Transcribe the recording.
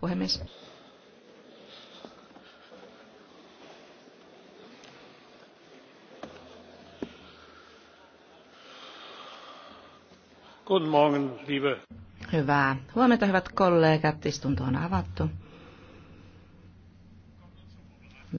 puhemies hyvää huomenta hyvät kollegat istunto on avattu.